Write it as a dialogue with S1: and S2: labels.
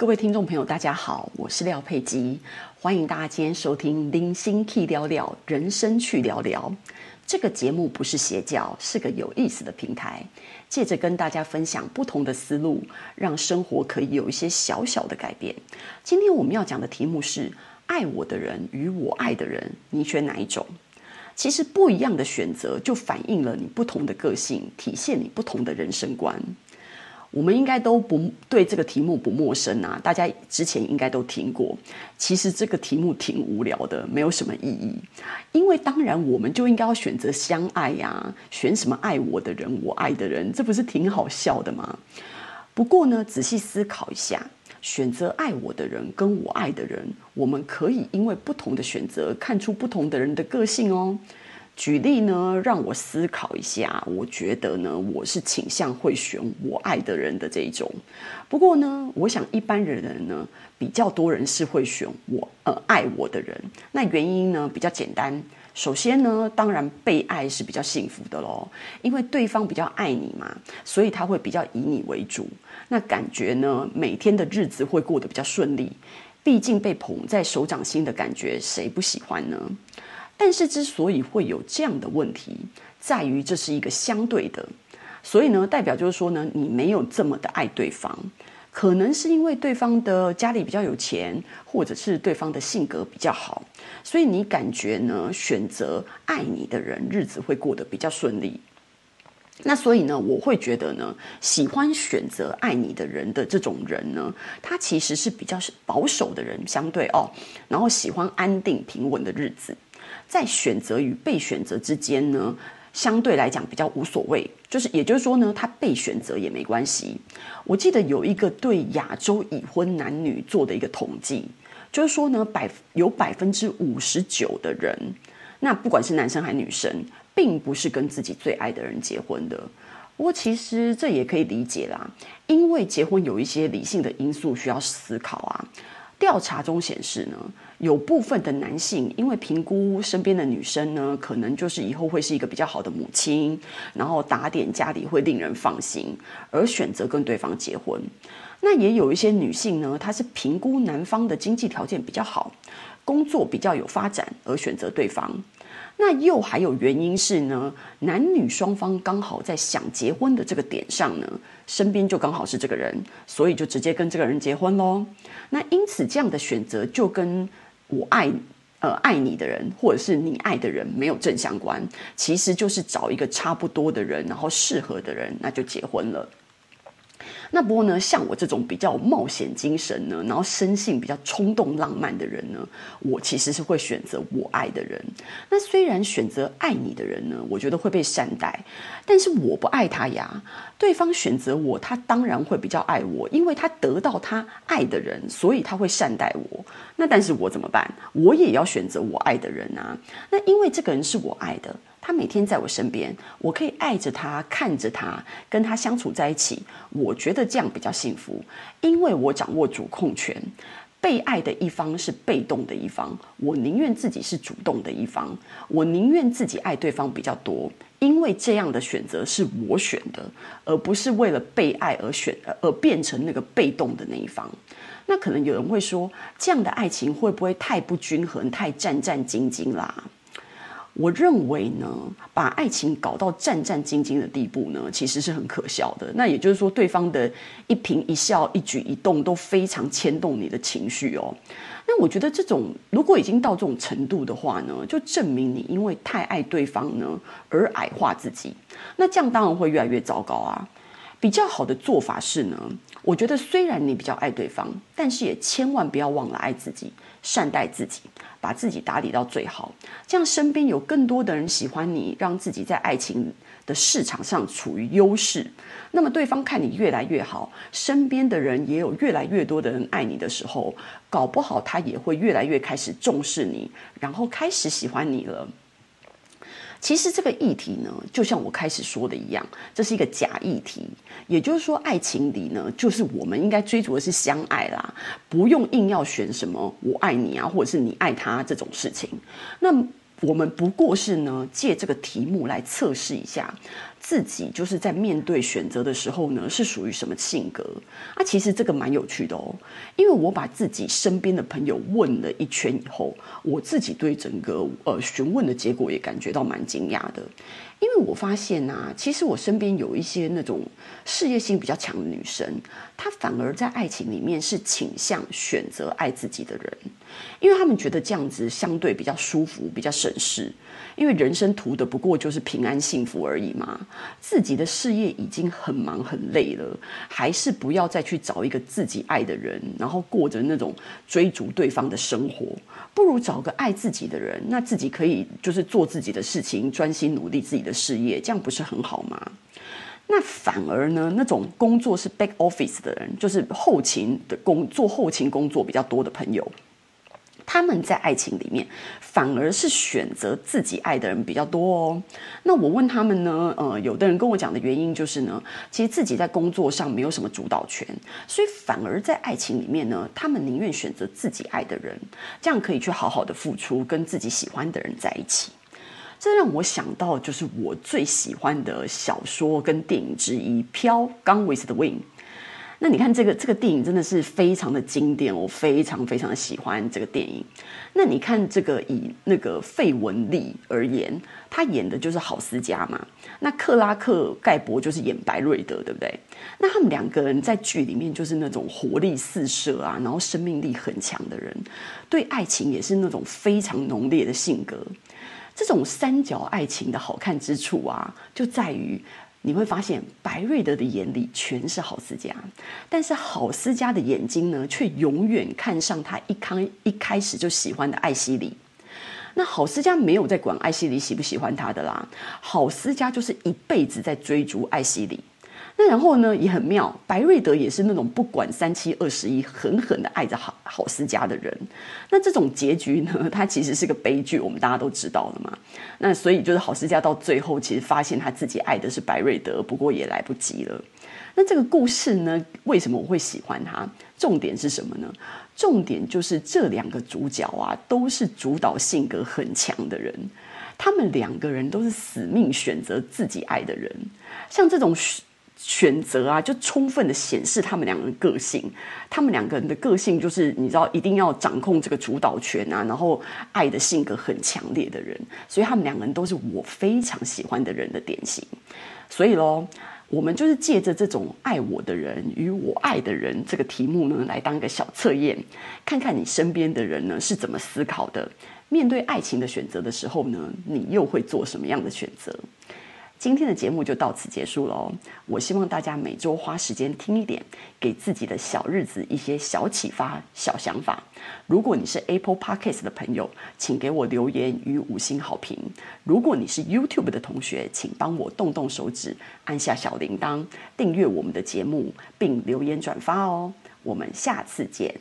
S1: 各位聽眾朋友，大家好，我是廖佩基，歡迎大家今天收聽《零星 key》廖廖，人生去廖廖》。這個節目不是邪教，是個有意思的平台，借着跟大家分享不同的思路，讓生活可以有一些小小的改變。今天我們要講的題目是“愛我的人與我愛的人，你選哪一種？”其實不一樣的選擇，就反映了你不同的個性，體現你不同的人生觀。我們應該都不對這個題目不陌生啊！大家之前應該都聽過。其實這個題目挺無聊的，沒有什麼意義。因為當然我們就應該要選擇相愛呀，選什麼愛我的人，我愛的人，這不是挺好笑的嗎？不過呢，仔細思考一下，選擇愛我的人跟我愛的人，我們可以因為不同的選擇看出不同的人的個性哦。舉例呢，讓我思考一下。我覺得呢，我是傾向會選我愛的人的這一種。不過呢，我想一般人的人呢，比較多人是會選我呃愛我的人。那原因呢，比較簡單。首先呢，當然被愛是比較幸福的咯，因為對方比較愛你嘛，所以他會比較以你為主。那感覺呢，每天的日子會過得比較順利。畢竟被捧在手掌心的感覺，誰不喜歡呢？但是之所以會有這樣的問題，在於這是一個相對的，所以呢，代表就是說呢，你沒有這麼的愛對方，可能是因為對方的家裡比較有錢，或者是對方的性格比較好，所以你感覺呢，選擇愛你的人，日子會過得比較順利。那所以呢，我會覺得呢，喜歡選擇愛你的人的這種人呢，他其實是比較是保守的人，相對哦，然後喜歡安定平穩的日子。在選擇與被選擇之間呢，相對來講比較無所謂。就是，也就是說呢，他被選擇也沒關係。我記得有一個對亞洲已婚男女做的一個統計，就是說呢，百有百分之五十九的人，那不管是男生還是女生，並不是跟自己最愛的人結婚的。不過其實這也可以理解啦，因為結婚有一些理性的因素需要思考啊。調查中顯示呢，有部分的男性因為評估身邊的女生呢，可能就是以後會是一個比較好的母親，然後打點家裡會令人放心，而選擇跟對方結婚。那也有一些女性呢，她是評估男方的經濟條件比較好，工作比較有發展，而選擇對方。那又還有原因是呢，男女雙方剛好在想結婚的這個點上呢，身邊就剛好是這個人，所以就直接跟這個人結婚咯。那因此這樣的選擇就跟我愛，呃愛你的人或者是你愛的人沒有正相關，其實就是找一個差不多的人，然後適合的人，那就結婚了。那不過呢，像我這種比較冒險精神呢，然後生性比較衝動浪漫的人呢，我其實是會選擇我愛的人。那雖然選擇愛你的人呢，我覺得會被善待，但是我不愛他呀。對方選擇我，他當然會比較愛我，因為他得到他愛的人，所以他會善待我。那但是我怎麼辦？我也要選擇我愛的人啊。那因為這個人是我愛的。他每天在我身邊，我可以愛着他，看着他，跟他相處在一起，我覺得這樣比較幸福，因為我掌握主控權，被愛的一方是被動的一方，我寧願自己是主動的一方，我寧願自己愛對方比較多，因為這樣的選擇是我選的，而不是為了被愛而選，而，而變成那個被動的那一方。那可能有人會說，這樣的愛情會不會太不均衡，太戰戰兢兢啦啊？我認為呢，把愛情搞到戰戰兢兢的地步呢，其實是很可笑的。那也就是說，對方的一顰一笑、一舉一動都非常牽動你的情緒哦。那我覺得，這種如果已經到這種程度的話呢，就證明你因為太愛對方呢而矮化自己。那這樣當然會越來越糟糕啊。比較好的做法是呢，我覺得雖然你比較愛對方，但是也千萬不要忘了愛自己，善待自己，把自己打理到最好，這樣身邊有更多的人喜歡你，讓自己在愛情的市場上處於優勢。那麼對方看你越來越好，身邊的人也有越來越多的人愛你的時候，搞不好他也會越來越開始重視你，然後開始喜歡你了。其實這個議題呢，就像我開始說的一樣，這是一個假議題。也就是說，愛情裡呢，就是我們應該追逐的是相愛啦，不用硬要選什麼“我愛你”啊，或者是“你愛他”這種事情。那我們不過是呢，借這個題目來測試一下。自己就是在面對選擇的時候呢，是屬於什麼性格啊？其實這個蠻有趣的哦，因為我把自己身邊的朋友問了一圈以後，我自己對整個呃詢問的結果也感覺到蠻驚訝的，因為我發現啊，其實我身邊有一些那種事業性比較強的女生，她反而在愛情裡面是傾向選擇愛自己的人，因為他們覺得這樣子相對比較舒服，比較省事，因為人生圖的不過就是平安幸福而已嘛。自己的事業已經很忙很累了，還是不要再去找一個自己愛的人，然後過着那種追逐對方的生活，不如找個愛自己的人，那自己可以就是做自己的事情，專心努力自己的事業，這樣不是很好嗎？那反而呢，那種工作是 back office 的人，就是後勤的工，做後勤工作比較多的朋友，他們在愛情裡面，反而是選擇自己愛的人比較多哦。那我問他們呢？呃，有的人跟我講的原因就是呢，其實自己在工作上沒有什麼主導權，所以反而在愛情裡面呢，他們寧願選擇自己愛的人，這樣可以去好好的付出，跟自己喜歡的人在一起。這讓我想到就是我最喜歡的小說跟電影之一《飄》Gone with the Wind。那你看這個這個電影真的是非常的經典，我非常非常喜歡這個電影。那你看這個以那個費雯麗而言，他演的就是郝思嘉嘛。那克拉克蓋博就是演白瑞德，對不對？那他們兩個人在劇裡面就是那種活力四射啊，然後生命力很強的人，對愛情也是那種非常濃烈的性格。這種三角愛情的好看之處啊，就在於。你會發現，白瑞德的眼裡全是郝思嘉，但是郝思嘉的眼睛呢，卻永遠看上他一開一開始就喜歡的艾希禮。那郝思嘉沒有在管艾希禮喜不喜歡他的啦，郝思嘉就是一輩子在追逐艾希禮。那然後呢，也很妙，白瑞德也是那種不管三七二十一，狠狠地愛着郝郝思嘉的人。那這種結局呢，它其實是個悲劇，我們大家都知道了嘛。那所以就是郝思嘉到最後其實發現他自己愛的是白瑞德，不過也來不及了。那這個故事呢，為什麼我會喜歡它？重點是什麼呢？重點就是這兩個主角啊，都是主導性格很強的人，他們兩個人都是死命選擇自己愛的人，像這種。選擇啊，就充分的顯示他們兩個人個性。他們兩個人的個性就是，你知道，一定要掌控這個主導權啊。然後，愛的性格很強烈的人，所以他們兩個人都是我非常喜歡的人的典型。所以嘍，我們就是借着這種愛我的人與我愛的人這個題目呢，來當一個小測驗，看看你身邊的人呢是怎麼思考的。面對愛情的選擇的時候呢，你又會做什麼樣的選擇？今天的節目就到此結束嘍。我希望大家每周花時間聽一點，給自己的小日子一些小啟發、小想法。如果你是 Apple Podcast 的朋友，請給我留言與五星好評。如果你是 YouTube 的同學，請幫我動動手指，按下小鈴鐺，訂閱我們的節目，並留言轉發哦。我們下次見。